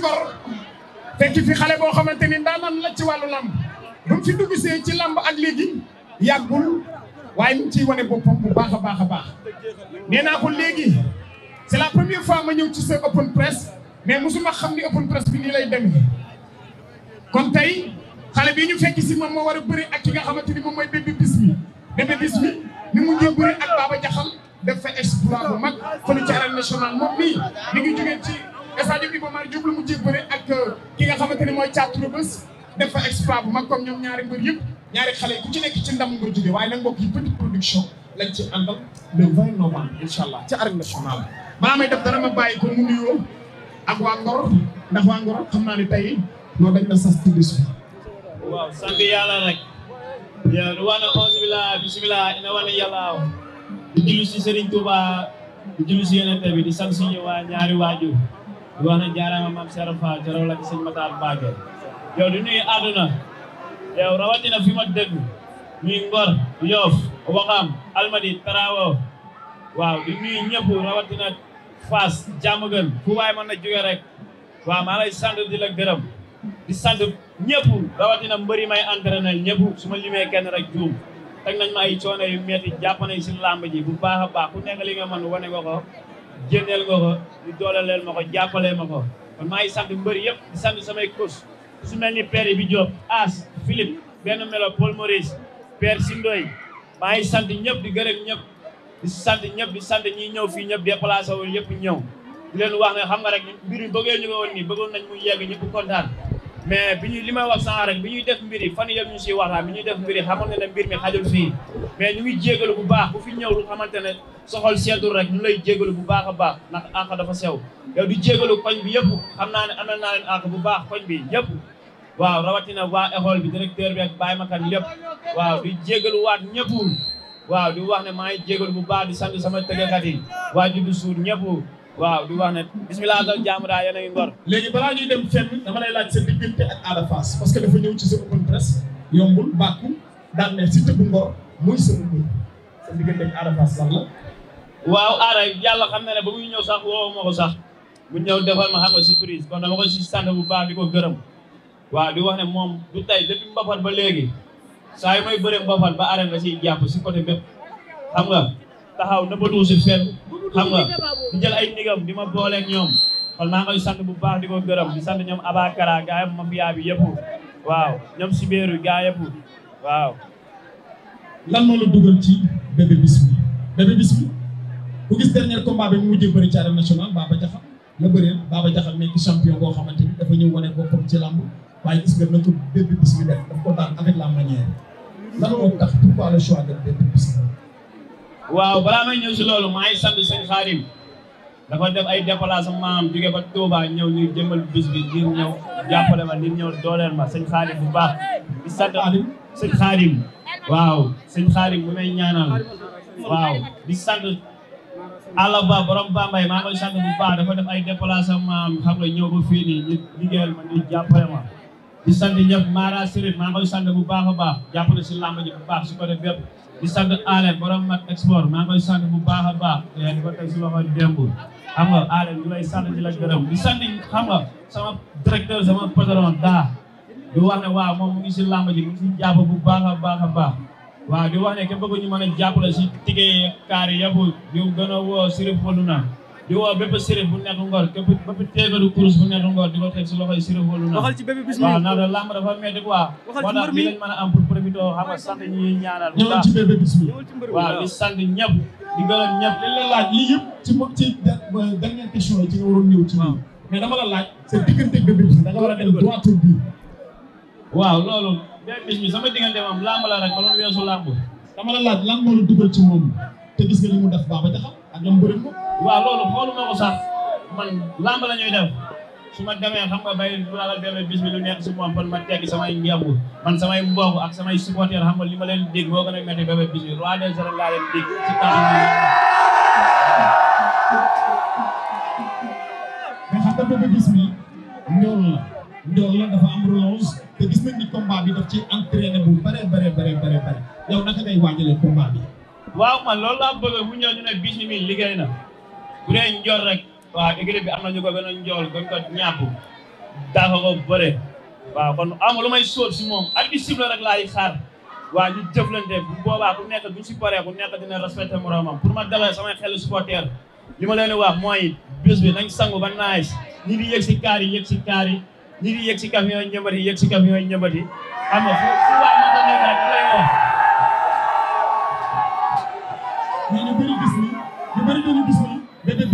ngor fekk fi xale boo xamante ni ndaanaan la ci wàllu làmb bu mu fi dugg see ci làmb ak léegi yàggul waaye mu ciy wane boppam bu baax a baax a baax nee naa ko léegi c'est la première fois ma ñëw ci sa open press mais mosuma xam ni open press bi nii lay demee kon tey xale bi ñu fekk si moom moo war a bëri ak ki nga xamante ni moom mooy bébé bis mi bébé bis mi ni mu jël bëri ak Baba Jaxal def fa exploit bu mag fële ci arène nationale moom mii mi ngi stade Iba Mar Diop la mu jéeg bëre ak euh, ki nga xamante ne mooy caaturu bés def fa exploit bu mag comme ñoom ñaari mbër yëpp ñaari xale ku ci nekk ci ndam nga jógee waaye nag mbokk yi petite production lañ ci àndal le 20 novembre incha allah ci arène nationale balaa may def dara ma bàyyi ko mu nuyoo ak waa Ngor ndax waa Ngor xam naa ne tey loolu dañ na sas tudd si waaw sant yàlla rek yow nu wax na onze bila bisimilah ina wax na yàlla di julli si Serigne Touba di julli si yonente bi di sant suñu waa ñaari waajur di wax ne jaaraama maam Cheikh Fall jaraw la ci sëñ Matar Mbacke yow di nuyu àdduna yow rawatina fi ma dëgg nuyu Ngor Yoff Waxam Almadi Tarawo waaw di nuyu ñëpp rawatina Fass jàmm gën fu na jóge rek waaw maa lay sant di la gërëm di sant ñëpp rawatina mbëri may entraîné ñëpp su ma kenn rek juum teg ma ay coono yu metti jàpp nañ si làmb ji ku nekk li wane nga génneel nga ko di dooleel ma ko jàppalee ma ko maa ngi sant mbëri yëpp di sant samay coach su mel ni père bi Diop As Philippe benn melo Paul Maurice père Sindoy maa ngi sant ñëpp di gërëm ñëpp di sant ñëpp di sant ñi ñëw fii ñëpp déplacé wu ñëpp ñëw di leen wax ne xam nga rek mbir mi bëggee ñu ko woon nii bëggoon nañ mu yegg kontaan mais bi ñuy li may wax sànq rek bi ñuy def mbir yi fan yëpp ñu siy waxtaan bi ñuy def mbir yi xamoon mbir mi xajul fii mais ñu ngi jégalu bu baax bu fi ñëw lu xamante ne soxol seetul rek ñu lay jégalu bu baax a baax ndax dafa sew yow di jégalu koñ bi yëpp xam naa ne amal naa leen àq bu baax koñ bi yëpp waaw rawatina waa école bi directeur bi ak Baye Makan lépp waaw di jégalu waat ñëpp waaw di wax ne maa ngi jégalu bu baax di sant sama tëggkat yi waa juddu suur ñëpp waaw du wax ne bismillah dal jaamu daa yéen a ngi ngor léegi balaa ñuy dem fenn dama lay laaj sa diggante ak Ada que dafa ñëw sa open press yombul bàkku muy sama waaw Ada yàlla xam na ne ba muy ñëw sax woo ma ko sax mu ñëw defal ma xam nga surprise kon dama ko si sant bu baax di ko gërëm waaw di wax ne moom du tey depuis Mbapane ba léegi saa yu may bëree Mbapane ba arène la si jàpp si côté bépp xam nga taxaw na ba dugg si fenn xam nga di jël ay ndigam di ma booleeg ñoom kon maa ngi koy sant bu baax di ko gërëm di sant ñoom Abakara gaa yëpp mafia bi yëpp waaw ñoom Sibéeru gaa yëpp waaw. lan moo la dugal ci bébé bismi bébé bismi ku gis dernier combat bi mu mujjee bëri ci arène nationale Baba Diakhal la bëree Baba Diakhal nekk champion boo xamante dafa ñëw wane boppam ci làmb waaye gis nga na ko bébé bismi def daf ko daan avec la manière lan moo tax pourquoi le choix de bébé bismi waaw balaa may ñëw si loolu maa ngi sant sëñ Xaadim dafa def ay déplacement am jóge ba Touba ñëw ñu jëmal bis bi ngir ñëw jàppale ma ngir ñëw dooleel ma bu baax di sëñ xaadim waaw sëñ xaadim mu may ñaanal waaw di sant àlla ba borom bambay maa ngi sant bu baax dafa def ay déplacement xam nga ñëw ba fii nii ñu liggéeyal ma ñu jàppale ma di sant ñëpp Mara Siré maa ngi sant bu baax a baax jàppale si làmb ji bu baax si côté bépp di sant Alé borom mat export maa ngi bu baax a baax yaa xam nga Alé lay sant di la gërëm di sant xam sama directeur sama patron daa di wax ne waaw moom mu si làmb ji mu ngi bu baax a baax a baax waaw di wax ne ke bëgg ñu mën a jàppale si tigee kaar yëpp di gën a woo sirif na di woo bépp sirif bu nekk ngor képp bépp téeméeru kurus bu nekk ngor di ko teg si loxoy sirif waluna waxal ci bébé bismi waaw ndax làmb dafa metti quoi moo tax a di sant ñëpp di gërëm ñëpp li la laaj lii yëpp ci ci dernière question yi ci nga waroon ñëw ci mais dama la laaj sa diggante bébé bismi da nga war a dem droit au waaw loolu benn bis sama diggante moom làmb la rek ba loolu weesu làmb. dama te gis nga li def baax ba jaxal ak ñoom bëri ko. waaw loolu xooluma ko sax man làmb la ñuy ma demee xam nga bay bu la demee bis bi lu nekk si moom kon ma teggi samay ngemb man samay mbokk ak samay supporter xam nga li ma leen dégg boo gën a métti bébé bis bi roi des arènes laa leen si mais xam nga bébé bis bi ñoom njool la dafa gis nañ ni combat bi daf ci entraîné bu bare bare bare bare bare yow naka ngay waajalee combat bi. waaw man loolu laa bëgg ñëw ñu ne bis mi liggéey na bu dee rek waaw équipe bi am nañu ko benn njool gën ko ñàpp daa ko bëre waa kon amul lu may sóob si moom ak bi cible rek laay xaar waa ñu jëflante bu boobaa ku nekk du si paree ku nekk dina respecté moromam pour ma dalee samay xel supporter li ma leen wax mooy bis bi nañ sangu ba naaj ñi di yëg si kaar yëg yi ñi ngi yëg si camion yi ñëmbati yëg si camion yi ñëmbati xam nga fu fu waay na nekk rek lay ñu bëri gis ñu bëri dañu gis ni Bébé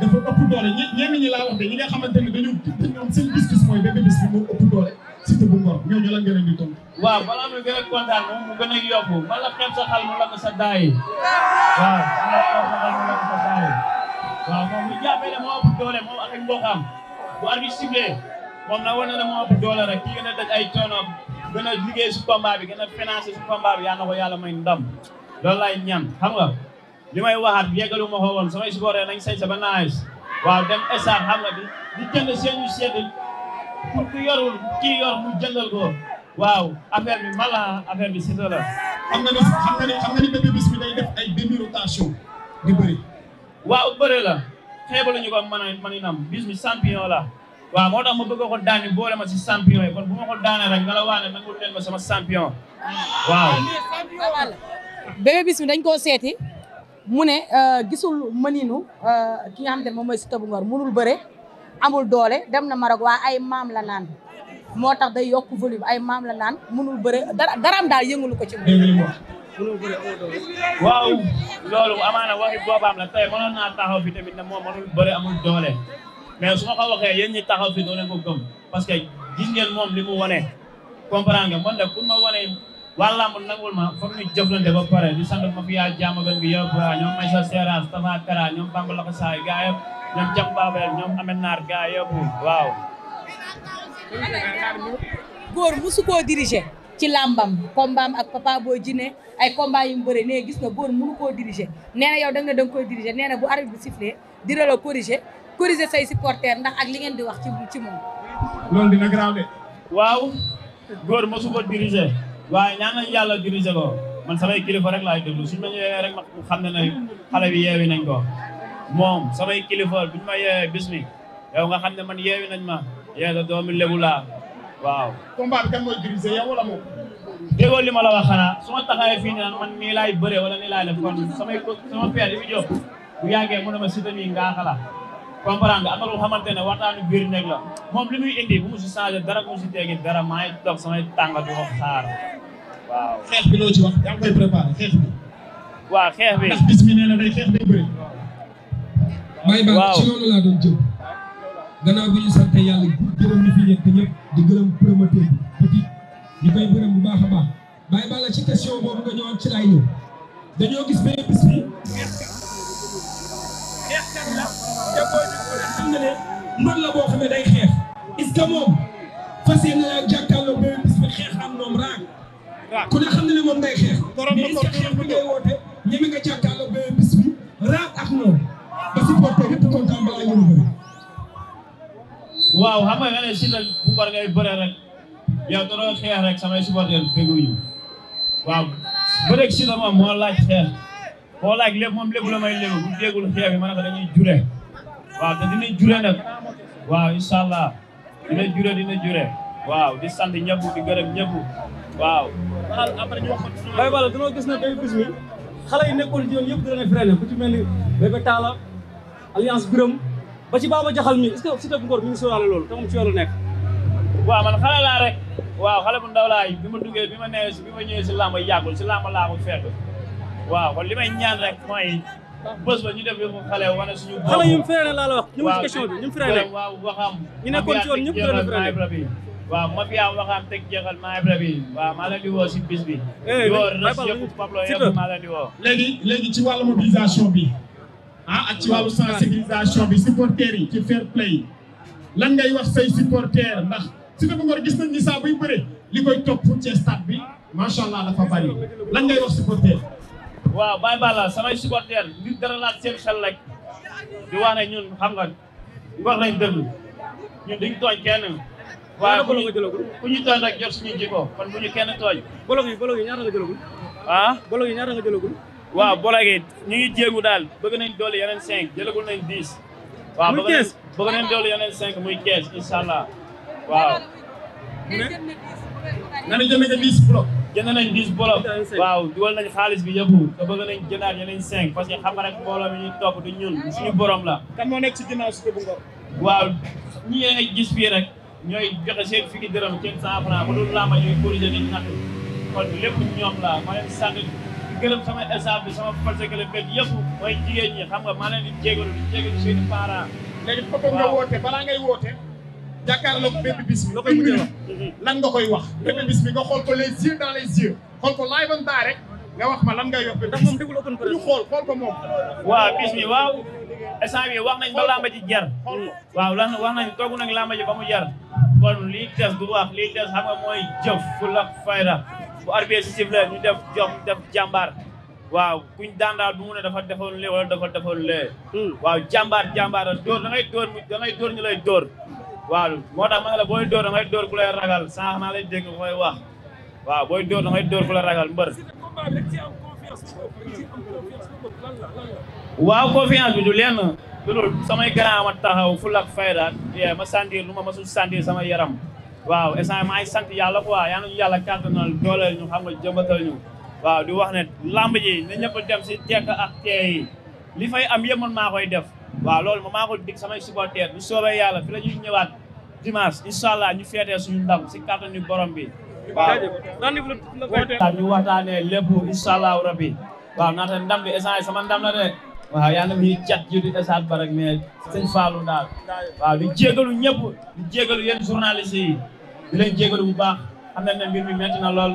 dafa ëpp doole ñi ñi laa wax de ñi ne dañu ñoom seen gis-gis mooy Bébé Bismi moo ëpp doole Siteu bu Ngor ñooñu lan nga leen di tontu waaw gën a kontaan moom mu gën a yokku man la xeeb sa xal mu la ko sa daayi waaw moom bu jàppee ne moo ëpp doole moom ak mbokkam bu arbitre sifflé moom na wane moo ëpp doole kii gën a daj ay coonoom gën a liggéey si combat bi gën a yaa na ko yàlla may ndam loolu laay ñaan xam nga li may waxaat yeggalu ma ko woon samay supporter nañ sañ sa ba naaj waaw dem estar xam nga di jënd seenu sedd pour ku yorul kii yor mu jëndal ko waaw affaire bi mala affaire bi Siteu la xam nga ne xam nga ne day def ay demi rotation di bëri waaw bëri la xeebaluñu ko mën a a nam Bismi la waaw moo tax ma bëgg ko daan ñu boole ma si champion yi kon bu ma sama champion waaw. Bébé dañ koo seeti mu ne euh, gisul mëninu euh, ki nga xam ne moom mooy Siteu bu Ngor mënul bëre amul doole dem na ma Maroc waa ay maam la naan moo tax day yokk volume ay maam la naan mënul bëre dara daraam daal yëngulu ko ci mu waaw moom mënul bëre amul doole mais su ma waxee yéen ñi taxaw fi doo leen gëm parce que gis ngeen moom li mu wane. comprendre nga de pour ma wane waa làmb nangul ma foog ñu jëflante ba pare di sant ma fi yaa jaamagan bi yëpp ñoom Maysa Seras Tafa Kara ñoom Bamba Saay gaa ñoom Jam ñoom Amet Naar gaa waaw. góor musu koo diriger ci làmbam kombaam ak papa boo jine ay combat yu mu bëre nee gis nga góor mënu koo diriger nee na yow da nga da nga koy bu arbitre corriger say supporters ndax ak li ngeen di wax ci ci moom. waaw góor mosu ko diriger waaye ñaan nañu yàlla diriger ko man samay kilifa rek laay déglu suñu ma ñëwee rek ma xam ne ne xale bi yeewi nañ ko moom samay kilifa buñu ma yeewee bis mi nga xam ne man yeewi nañ ma yeewi da doomi lebu waaw. combat bi kan mooy diriger yow wala moom. li ma la wax xanaa su ma taxawee fii naan man nii laay bëree wala nii laay samay sama père ma si tamit ngaa comprendre nga am na loo xamante ne waxtaanu biir nekk la moom li muy indi bu mu si dara bu mu si teggi dara maa ngi toog samay tànga di ko xaar waaw. xeex bi loo ci wax yaa ngi koy bi. waaw xeex nee na day xeex nekk bi petit ñu koy gërëm bu baax a baax bay ba la ci question boobu nga ñëwaat ci laay ñëw dañoo gis benn bis bi. xeexkat la. te booy bi na ne mbër la boo xam ne day xeex est-ce moom fas yéene naa jàkkaarloo ba bis bi xeex am moom raag ku ne moom day xeex mais est-ce que xeex bi ngay woote ñeme nga jàkkaarloo ba bis bi raag ak moom ba supporter yëpp kontaan balaa ñu bëri waaw xam nga nga ne si la bëre rek yow da xeex rek samay supporter bëgguñu waaw bëreeg si la moom moo laaj xeex moo laaj lépp moom lépp la may léegi bu déggul xeex bi ma ne ko dañuy jure waaw te dina jure nag waaw incha allah dina jure dina jure waaw di sant ñëpp di gërëm ñëpp waaw. maanaam après ñu wax ko. Baye Balla gis ne tey bis xale yi nekkoon ci yoon yëpp dina ne freiné ku ci mel ni Bébé ba ci Baba Jaxal mi est-ce que Siteu bu Ngor mi ngi sóoraale loolu te moom ci nekk. waaw man xale laa rek. waaw xale bu ndaw laay bi ma duggee bi ma nee si bi ma ñëwee si làmb yàggul si làmb laa ko fekk waaw kon li may ñaan rek mooy. bës ñu def yëfu xale wane suñu bopp xale yu mu freiné laa la wax ñu ngi ci question bi ñu mu bi waaw maa si bis bi eh, di léegi léegi ci wàllu mobilisation bi ah ak ci wàllu sensibilisation bi supporters yi ci fair play lan ngay wax say supporters ndax si dafa ngor gis nañ ni saa buy bëre li koy topp ci stade bi macha la dafa bari lan ngay wax supporters waaw Baye Balla samay supporters nit dara laat seen xel rek di wax ne ñun xam nga ngor lañ dëgg ñun duñ tooñ kenn waaye ku ñu tooñ rek jot suñu jikko kon bu ñu kenn tooñ bolog yi bolog yi ñaata nga jëlagul ah bolog yi ñaata nga jëlagul waaw bolog yi ñu ngi jéegu daal bëgg nañ doole yeneen cinq jëlagul nañ dix waaw bëgg nañ doole yeneen cinq muy quinze incha allah nga ne jënd nga dix bloc jënd nañ waaw dugal nañ xaalis bi yëpp te bëgg nañ jëndaat yeneen cinq parce que xam nga rek mbooloo mi ñu topp du ñun suñu borom la kan moo nekk ci ginnaaw si bu ngor waaw ñi ngay gis fii rek ñooy joxe seen fukki dërëm seen cent franc ba dul làmba ñooy corrigé nañ natt kon lépp ñoom la ma leen sant gërëm sama exemple sama parcekle bég yëpp mooy jigéen ñi xam nga maa leen di jégalu di jégalu seen i parents nga woote balaa ngay woote jàkkaarloog Bébé Bismi nga koy mujjee wax lan nga koy wax Bébé Bismi nga xool ko les yeux ko live and direct nga wax ma lan ngay yokk ndax moom déglu open press ñu xool ko moom waaw Bismi waaw instant wax nañ ba làmba ji jar waaw lan wax nañ toogu nañ làmba ji ba mu jar kon lii des du wax lii des xam nga la fayda bu arbee si sif ñu def jox def jàmbaar waaw kuñ daan daal bu mu ne dafa defoon lee wala dafa defoon lee hmm. waaw jàmbaar jàmbaar a dóor da ngay dóor da ñu lay dóor waaw moo tax ma ne booy dóor da ngay dóor ku lay ragal sànq maa lay dégg mooy wax waaw booy dóor da ngay dóor ku lay ragal mbër. waaw confiance bi du lenn loolu samay grand ma taxaw ful ak fayda yee ma sentir lu ma masul sentir sama yaram waaw instant maa ngi sant yàlla quoi yaa nañu yàlla kàttanal dooleel ñu xam nga jëmbatal ñu waaw di wax ne lamb ji na ñëpp dem si tekk ak tee li fay am yëpp man maa koy def waaw loolu moom maa ko dig samay supporters bu soobee yàlla fi la ñuy ñëwaat dimanche incha allah ñu feetee suñu ndam si kàttanu borom bi waaw ñu waxtaanee lépp incha allahu rabbi waaw naata ndam bi essence sama ndam la de waaw yàlla ñuy cat ji di esaat ba rek mais sëñ Fallou daal waaw di jégalu ñëpp di jégalu yéen journalistes yi di leen jégalu bu baax xam nañ ne mbir mi métti na lool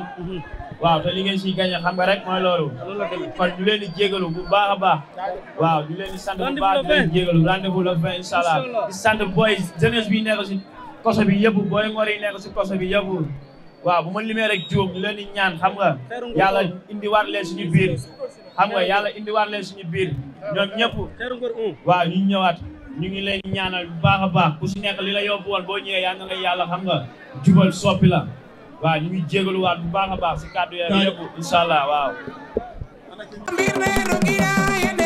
waaw te li ngeen siy gagné xam nga rek mooy loolu. kon ñu leen jégalu bu baax a baax. waaw ñu leen sant bu baax di leen jégalu rendez-vous le vingt incha allah. di sant booy jeunesse bi nekk si koso bi yëpp booy ngor yi nekk si koso bi yëpp. waaw bu ma limee rek juum ñu leen di ñaan xam nga yàlla indiwaat leen suñu biir. xam nga yàlla indiwaat leen suñu biir ñoom ñëpp. waaw ñu ñëwaat. ñu ngi leen ñaanal bu baax a baax ku si nekk li la yóbbu woon boo ñëwee yaa nga yàlla xam nga jubal soppi la. waaw ñu ngi jégaluwaat bu baax a baax si kàddu yaram